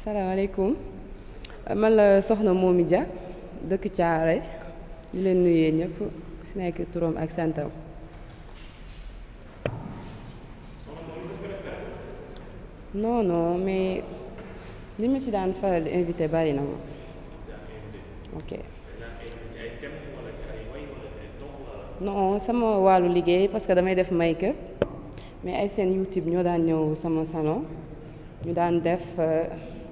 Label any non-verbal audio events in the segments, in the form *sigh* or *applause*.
salaamaaleykum man la soxna Momy Dia dëkk caara di leen nuye ñëpp ku si nekk turam ak santam. non non mais li ma ci daan faral invité bari na ma ok sama wàllu liggéey parce que damay def make-up mais ay seen YouTube ñoo daan ñëw sama salon ñu daan def. Euh,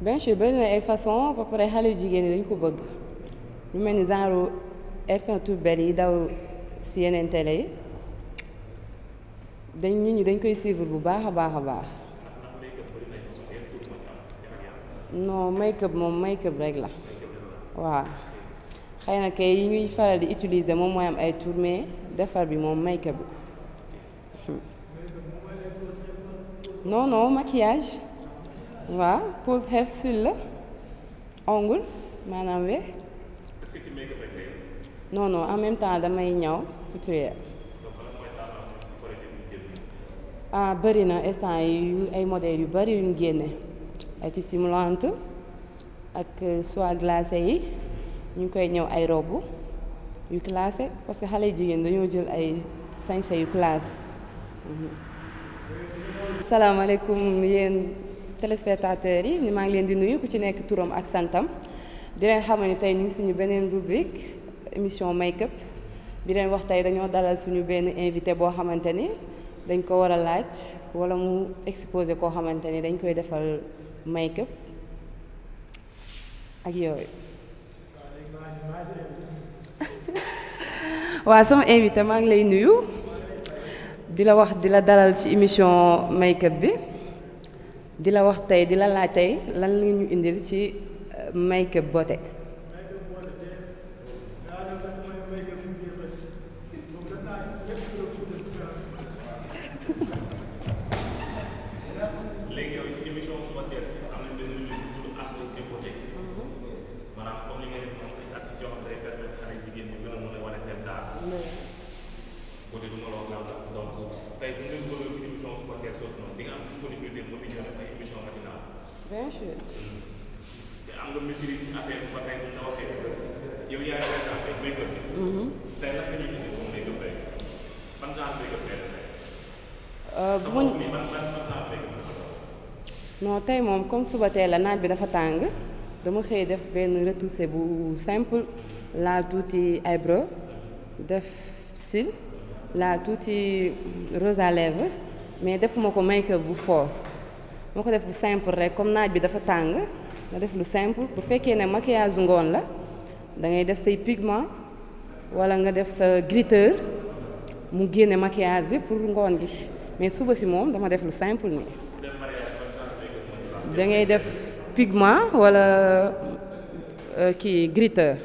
bien sûr bëri ay façon ba pare xale jigéen dañ ko bëgg lu melni genre elles sont toutes belles yi daw si télé yi dañ nit ñi dañ koy suivre bu baaxa baaxa baax non make-up moom make-up rek la waaw xeyna kay yi ñuy faral di utiliser mom moy am ay tour mais defar bi mom make-up hmm. non non maquillage waaw pose have sul la ongul maanaam we est en même temps damay ñaw couturière ah bëri na instant yi ay modèles yu bëri yuñ génne ay tissus moulants ak euh, soie glacé yi ñu ngi koy ñëw ay robe yu classé parce que xale jigéen dañoo jël ay sañse yu classe mhm. salaamaaleykum yéen téléspectateurs yi ñu maa ngi leen di nuyu ku ci nekk turam ak santam di leen xamal ni tey ñu ngi suñu beneen rubrique émission make up di leen wax tey dañoo dalal suñu benn invité boo xamante ni dañ ko war a laaj wala mu exposé koo xamante ni dañ koy defal make up ak yooyu. *laughs* waaw sama invité maa ngi lay nuyu di la wax di la dalal ci émission make up bi. di la wax tey di la laaj tey lan la ñu indil ci euh, make-up beauté mhm. maanaam comme li ngay def moom ay association day permettre xale jigéen ñi gën a mën a wane seen taar côté tey bu ñu leen bëggoon tey moom lay comme suba teel la naaj bi dafa tàng dama xëy def benn retoussé bu simple laal tuuti ay def cils. laa tuuti rose à mais defuma ko make bu fool moo ko def bu simple rek comme naaj bi dafa tàng nga def lu simple bu fekkee ne maquillage ngoon la da ngay def say pigment wala nga def sa glitter mu génne maquillage bi pour ngoon gi mais suba si moom dama def lu simple nii da ngay def pigment wala euh, kii glitter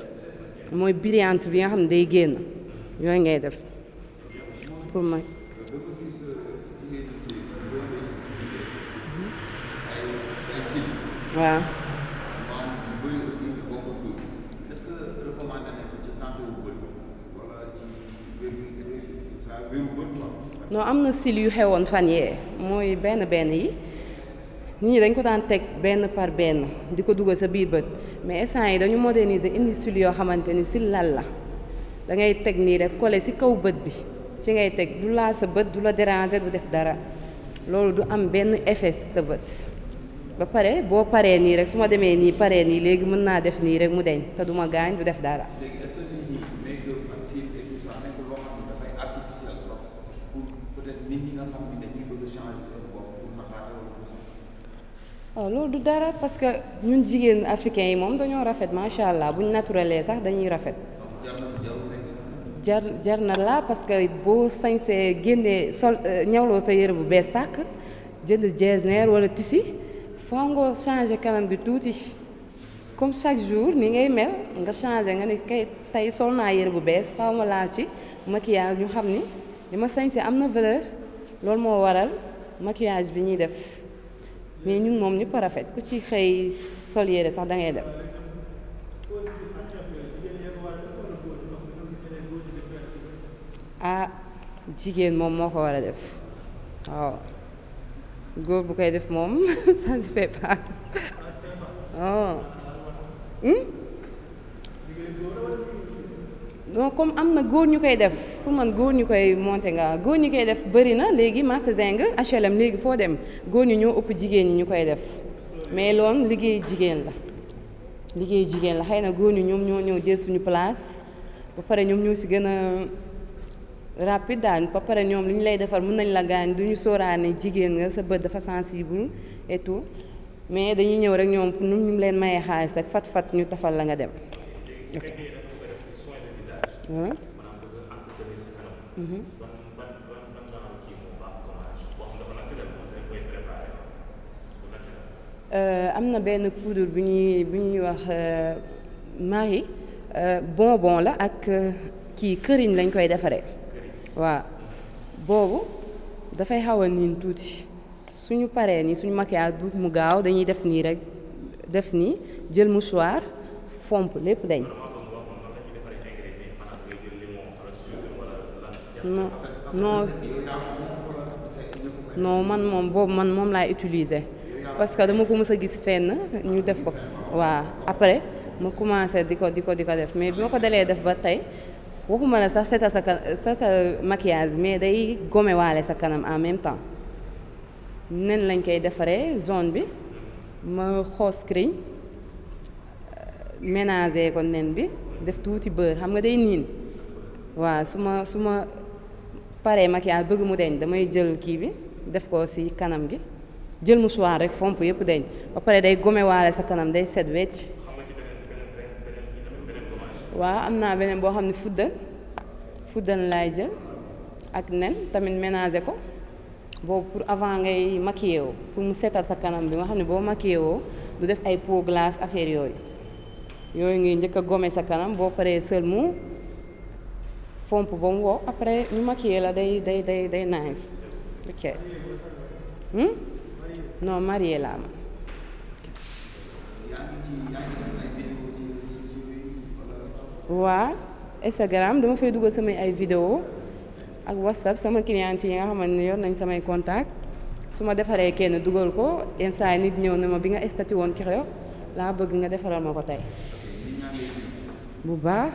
mooy brillante bi nga xam ne day génn yooyu ngay def pour am na sil yu xewoon fan yee mooy benn benn yi nit ñi dañ ko daan teg benn par benn di ko dugal sa biir bët mais instant yi dañu moderniser indi sil yoo xamante ni sil lal la dangay teg nii rek collé ci kaw bët bi. ci ngay teg du laa sa bët du la déranger du def dara loolu du am benn effet sa bët ba pare boo paree nii rek su ma demee nii paree nii léegi mën naa def nii rek mu deñ te du ma gaañ du def dara. léegi oh, loolu du dara parce que ñun jigéen africain yi moom dañoo rafet macha allah bu buñ naturelee sax dañuy rafet. jar jar na la parce que boo sañsee génnee sol euh, ñawloo sa yére bu bees tàkk jënd jeesneer wala tisi foo changer changé kanam bi touti comme chaque jour ni ngay mel nga changer nga ni kay tey sol na yére bu bees faaw ma ci maquillage ñu xamni ni li ma sañsee valeur lool mo waral maquillage bi ñi def mais ñun mom ñëpp a rafet ku ci xey sol yére sax da ngay dem ah jigéen moom moo ko war a def waaw góor bu koy def moom *laughs* ça se fait oh. hmm? comme am na góor ñu koy def pour man góor ñu koy monter nga góor ñu koy def bëri na léegi marché Zing HLM léegi foo dem góor ñu ñoo ëpp jigéen ñi ñu koy def mais loolu liggéey jigéen la liggéey jigéen la xëy na góor ñu ñoom ñoo ñëw jël suñu place ba pare ñoom ñoo ci gën rapide daañu ba pare ñoom lu ñu lay defar mun nañ la gaañ du ñu sóoraane jigéen nga sa bët dafa sensible et mais dañuy ñëw rek ñoom nu ñu leen mayee xaalis rek fat fat ñu tafal la nga dem. Euh, am na benn poudre bu ñuy bu ñuy wax euh, Marie euh, bonbon la ak kii këriñ lañ koy defaree. waaw boobu dafay xaw a niin tuuti suñu paree nii suñu maquillage bu mu gaaw dañuy def nii rek def nii jël mouchoir fomp lépp dañ non no non man moom boobu man moom laay utiliser parce que dama ko mës a gis fenn ñu def ko waaw après mu commencé di ko di ko di ko def mais bi ma ko delee def ba tey waxuma la sax setal sa setal maquillage mais day gome sa kanam en même temps nen lañ koy defaree zone bi ma xoos criñ euh, ménager ko nen bi def tuuti beurre xam nga day niin waaw su ma su ma paree maquillage bëgg mu deñ damay jël kii bi def ko ci kanam gi jël mu mouchoir rek fomp yëpp deñ ba pare day gome waale sa kanam day set wecc waaw am naa beneen boo xam ne fuddan fuddan laay jël ak nen tamit ménager ko boobu pour avant ngay maquillé woo pour mu setal sa kanam bi nga xam ne boo maquillé woo du def ay peau glace affaire yooyu yooyu ngay njëkk a gome sa kanam boo paree sël mu fomp ba mu wow après ñu maquillé la day day day day nice ok hmm? non marié laa ma waa Instagram dama fay dugal samay ay vidéo ak WhatsApp sama client yi nga xamante ne yoon nañ samay contact su ma defaree kenn dugal ko yenn saa yi nit ñëw na ma bi nga statut woon Créo laa bëgg nga defaral ma ko tey bu baax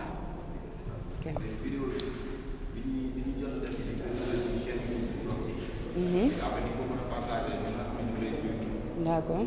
mhm. d'accord